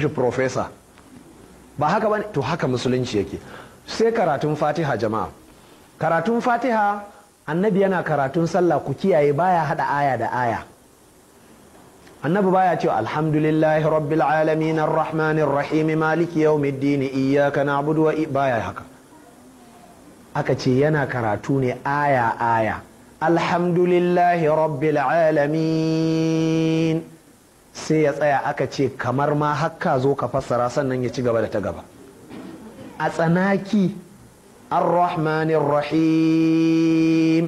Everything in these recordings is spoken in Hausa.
shi profesa ba haka bane to haka musulunci yake sai karatun fatiha jama'a karatun fatiha annabi yana karatun sallah ku kiyaye baya hada aya da aya annabi baya ce alhamdulillahi rabbil alamin arrahmanir rahim maliki yawmiddin iyyaka na'budu wa baya haka aka ce yana karatu ne aya aya alhamdulillahi rabbil alamin sai ya tsaya aka ce kamar ma hakka zo ka fassara sannan ya ci gaba da ta gaba a tsanaki ar-rahmanir rahim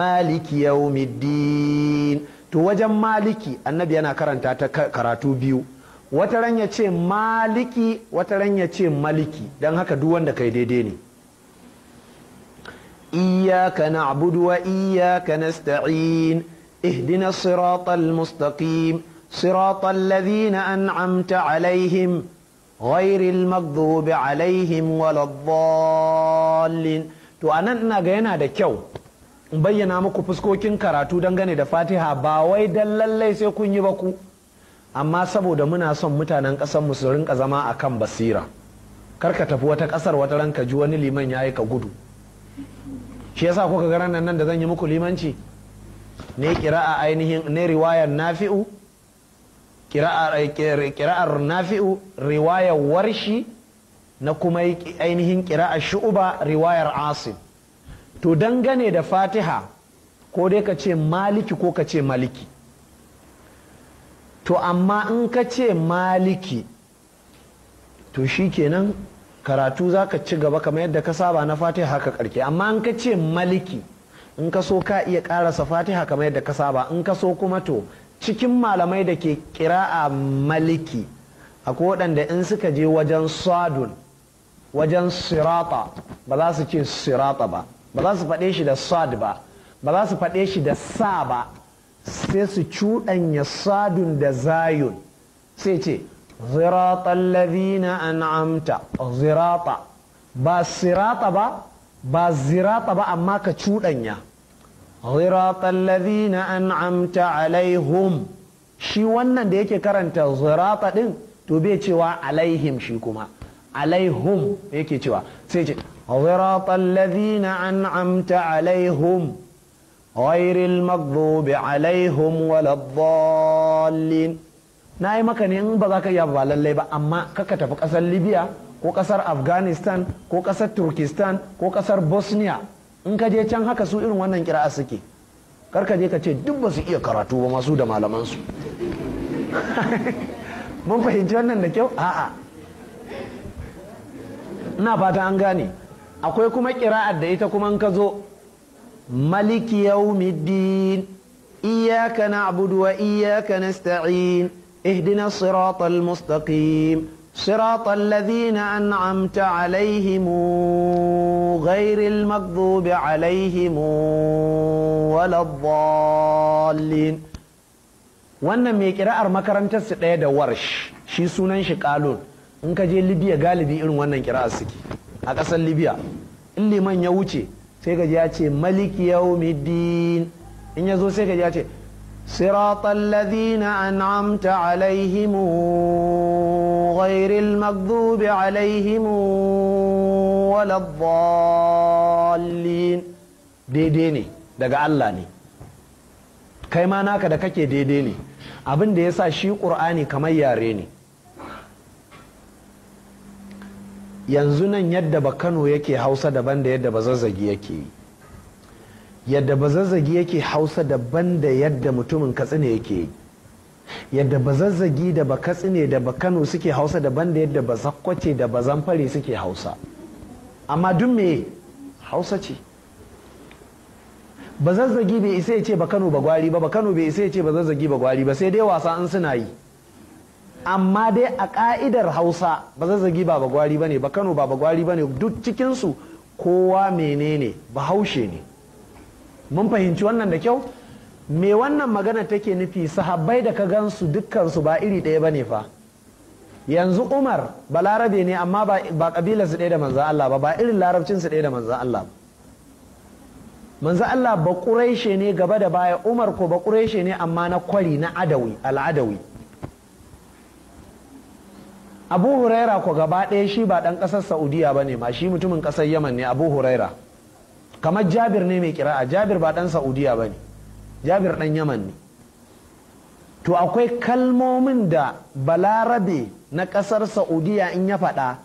maliki yawmiddin to wajen maliki annabi yana karanta ta karatu biyu wata ran ya ce maliki wata ran ya ce maliki don haka duk wanda kai daidai ne iyyaka na'budu wa iyyaka nasta'in ihdina siratal mustaqim صراط الذين أنعمت عليهم غير المغضوب عليهم ولا الضالين to anan ina ga yana da kyau in bayyana muku fuskokin karatu dangane da fatiha ba wai dan lallai sai kun yi ba ku amma saboda muna son mutanen ƙasar mu su rinka zama akan basira kar ka tafi wata ƙasar wata ranka ji wani liman ya ka gudu shi yasa kuka ga ranar nan da zan yi muku limanci ne a ainihin ne riwayar nafi'u Eh, kira'ar nafi'u riwayar warshi na kuma ainihin kira'ar shu'uba riwayar asim to dangane da fatiha ko dai ka ce maliki ko ka ce maliki to amma in ka ce maliki to shi kenan karatu za ka ci gaba kamar yadda ka saba na fatiha haka karke amma in ka ce maliki in ka so ka iya karasa fatiha kamar yadda ka saba in ka so kuma to cikin malamai da ke kira'a maliki akwai waɗanda in suka je wajen sadun wajen sirata ba za su ce sirata ba ba za su faɗe shi da sad ba ba za su faɗe shi da sa ba sai su cuɗanya sadun da zayun sai ce zirata lavina an'amta zirata ba sirata ba ba zirata ba amma ka cuɗanya صراط الذين أنعمت عليهم shi wannan da yake karanta zirata din to bai cewa alaihim shi kuma alaihum yake cewa sai ce zirata alladhina an'amta alaihum غير المغضوب عليهم ولا الضالين na yi maka ne in ba za ka iya ba lallai ba amma kaka tafi ƙasar libya ko ƙasar afghanistan ko ƙasar turkistan ko ƙasar bosnia in ka je can haka su irin wannan kira'a suke karka je ka ce duk ba su iya karatu ba masu da malaman su. mun fahimci wannan da kyau a'a ina fata an gane akwai kuma kira'a da ita kuma in ka zo maliki yawmiddin iyyaka na'budu wa iyyaka nasta'in ihdina siratal mustaqim صراط الذين أنعمت عليهم غير المغضوب عليهم ولا الضالين wannan mai kira'ar makarantar su ɗaya da warsh shi sunan shi kalon in ka je libya galibi irin wannan kira'ar suke a ƙasar libya in liman ya wuce sai ya ce maliki yaumiddin in ya zo sai ya ce صراط anamta أنعمت عليهم غير المغضوب عليهم ولا الضالين daidai ne daga Allah ne kai ma naka da kake daidai ne abin da ya sa shi ƙur'ani kamar yare ne yanzu nan yadda ba kano yake hausa daban da yadda ba zazzagi yake yi yadda bazazzagi yake hausa daban da yadda mutumin katsina yake yi yadda bazazzagi da bakatsine da bakano suke hausa daban da yadda bazakwace da bazanfare suke hausa amma duk me hausa ce bazazzagi bai isa ya ce bakano ba gwari ba bakano bai isa ya ce bazazzagi ba gwari ba sai dai wasa an suna yi amma dai a ka'idar hausa bazazzagi ba ba gwari ba ne bakano ba ba gwari ba ne duk cikinsu kowa menene bahaushe ne mun fahimci wannan da kyau me wannan magana take nufi sahabbai da ka gansu dukkansu ba iri ɗaya bane fa yanzu umar larabe ne amma ba kabilar su ɗaya da manzan Allah ba ba irin larabcin su ɗaya da manzan Allah manzan Allah ba ƙureshe ne gaba da baya umar ko ba ƙureshe ne amma na kwari na adawi al'adawi abu huraira ko gaba ɗaya shi ba ɗan ƙasar saudiya ba ne ma shi mutumin ƙasar yaman ne abu huraira kamar jabir ne mai kira'a jabir ba ɗan saudiya ba ne jabir ɗan yaman ne to akwai kalmomin da balarabe na ƙasar saudiya in ya faɗa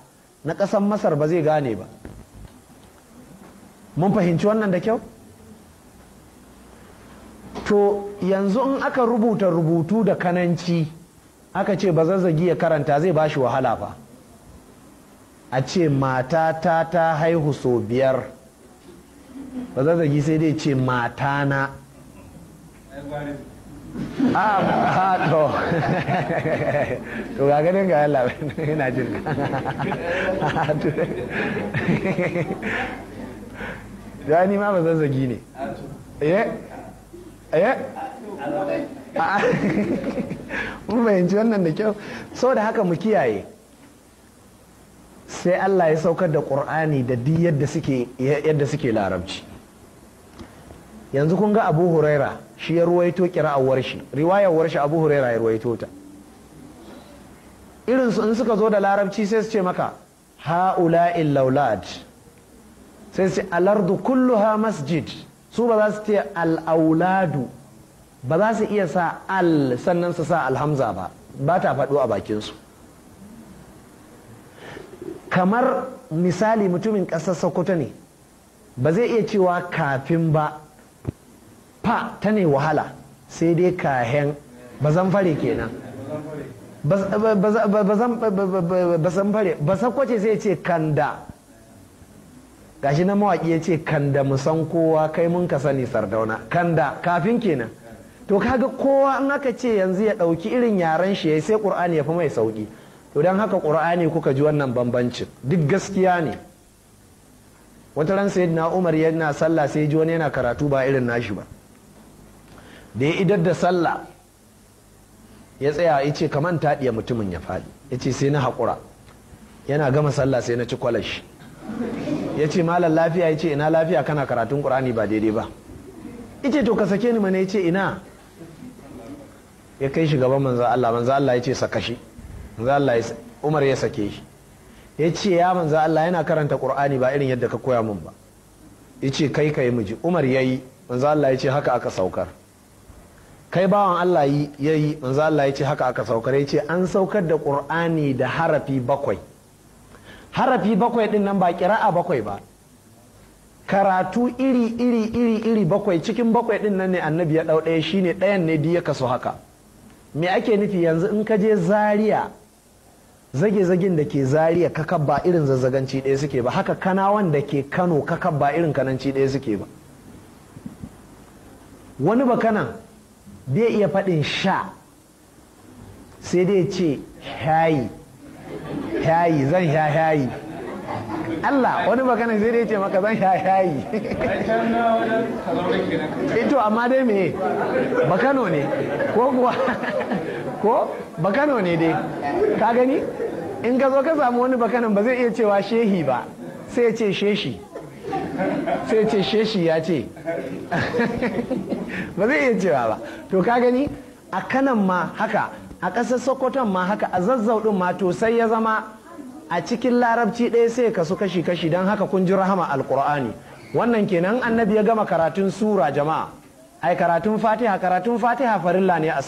na ƙasar masar ba zai gane ba mun fahimci wannan da kyau to yanzu in aka rubuta rubutu da kananci aka ce ba zazzagi ya karanta zai bashi wahala ba a ce mata ta ta haihu sau biyar ba za zagi sai dai ce mata na a ah, haɗo ah, to ga ga yalla yana jin ya ni ma ba zagi ne eh? Eh? Ah. mun wannan da kyau sau da haka mu kiyaye sai Allah ya saukar da ƙur'ani da duk yadda suke larabci yanzu kun ga Abu Huraira shi ya ruwaito kira'awar shi riwayar shi Abu Huraira ya ruwaito ta irin su in suka zo da larabci sai su ce maka ha'ula laulad sai su alardu kulluha masjid su ba za su ce al'auladu ba za su iya sa al sannan su sa alhamza ba ba ta faɗo a bakinsu kamar misali mutumin ƙasar sokoto ne ba zai iya cewa kafin ba fa ta ne wahala sai dai kahen bazan fare kenan bazan fare ba sakwace sai ce kanda gashi na mawaƙi ya ce kanda musan kowa kai mun ka sani sardauna kanda kafin kenan to kaga kowa in aka ce yanzu ya ɗauki irin yaren shi ya sai ƙur'ani ya fi mai sauƙi to don haka ƙur'ani kuka ji wannan bambancin duk gaskiya ne wata ran sai na umar yana sallah sai ji wani yana karatu ba irin nashi ba da ya idar da sallah ya tsaya ya ce kaman taɗiya mutumin ya faɗi ya ce sai na haƙura yana gama sallah sai na ci kwalashi ya ce malam lafiya ya ce ina lafiya kana karatun ƙur'ani ba daidai ba ya ce to ka sake ni mana ya ce ina ya kai shi gaban manzo Allah manzo Allah ya ce saka shi umar ya sake shi ya ce ya manzo Allah yana karanta qur'ani ba irin yadda ka koya min ba ya ce kai ka yi miji umar ya yi manzo Allah ya ce haka aka saukar kai bawan Allah ya yi manzo Allah ya ce haka aka saukar ya ce an saukar da qur'ani da harafi bakwai harafi bakwai din nan ba kira'a bakwai ba karatu iri iri iri iri bakwai cikin bakwai din nan ne annabi ya ɗau shi shine ɗayan ne duk ya kaso haka me ake nufi yanzu in ka je zaria zage-zagen da ke zariya kakab ba irin zazzaganci ɗaya suke ba haka kanawan da ke kano kakab ba irin kananci ɗaya suke ba wani bakanan bai iya faɗin sha sai dai ce hayi hayi zan sha hayi Allah wani bakanan sai dai ce maka zan sha hayi ito eh amma dai me bakano ne ko kuwa ko bakano ne dai ka gani in ka zo ka samu wani Kano ba zai iya cewa shehi ba sai ya ce sheshi sai ce sheshi ya ce ba zai iya cewa ba to ka gani a kanan ma haka a ƙasar sokoton ma haka a zazzau ɗin ma to sai ya zama a cikin larabci ɗaya sai ka su kashi-kashi don haka kun ji rahama alkur'ani wannan kenan annabi ya gama karatun sura jama'a ai karatun fatiha karatun fatiha farilla ne a